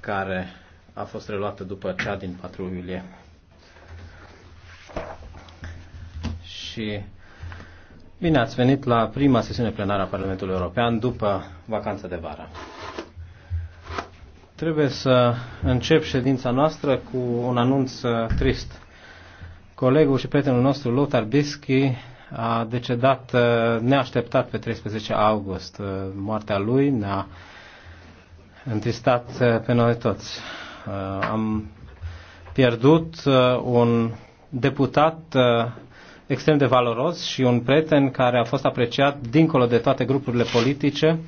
care a fost reluată după cea din 4 iulie. Și bine ați venit la prima sesiune plenară a Parlamentului European după vacanța de vară. Trebuie să încep ședința noastră cu un anunț uh, trist. Colegul și prietenul nostru, Lothar Bischi, a decedat uh, neașteptat pe 13 august. Uh, moartea lui ne-a întristat uh, pe noi toți. Uh, am pierdut uh, un deputat extrem de valoros și un prieten care a fost apreciat dincolo de toate grupurile politice,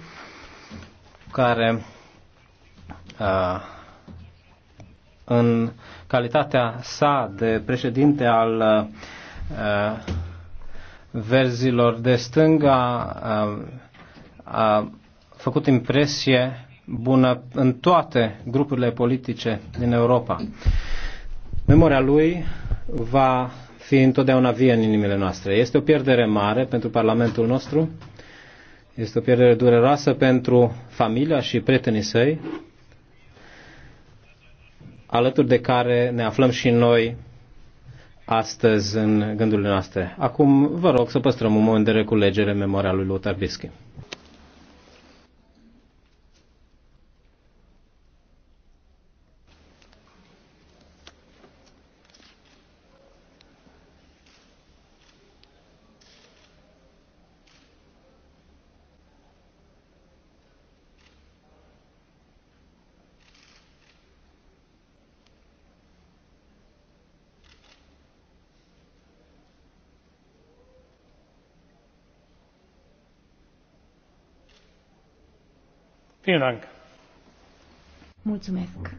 care în calitatea sa de președinte al verzilor de stânga a, a făcut impresie bună în toate grupurile politice din Europa. Memoria lui va fi întotdeauna vie în inimile noastre. Este o pierdere mare pentru Parlamentul nostru, este o pierdere dureroasă pentru familia și prietenii săi, alături de care ne aflăm și noi astăzi în gândurile noastre. Acum vă rog să păstrăm un moment de reculegere în memoria lui Lothar Bischi. Mulțumesc.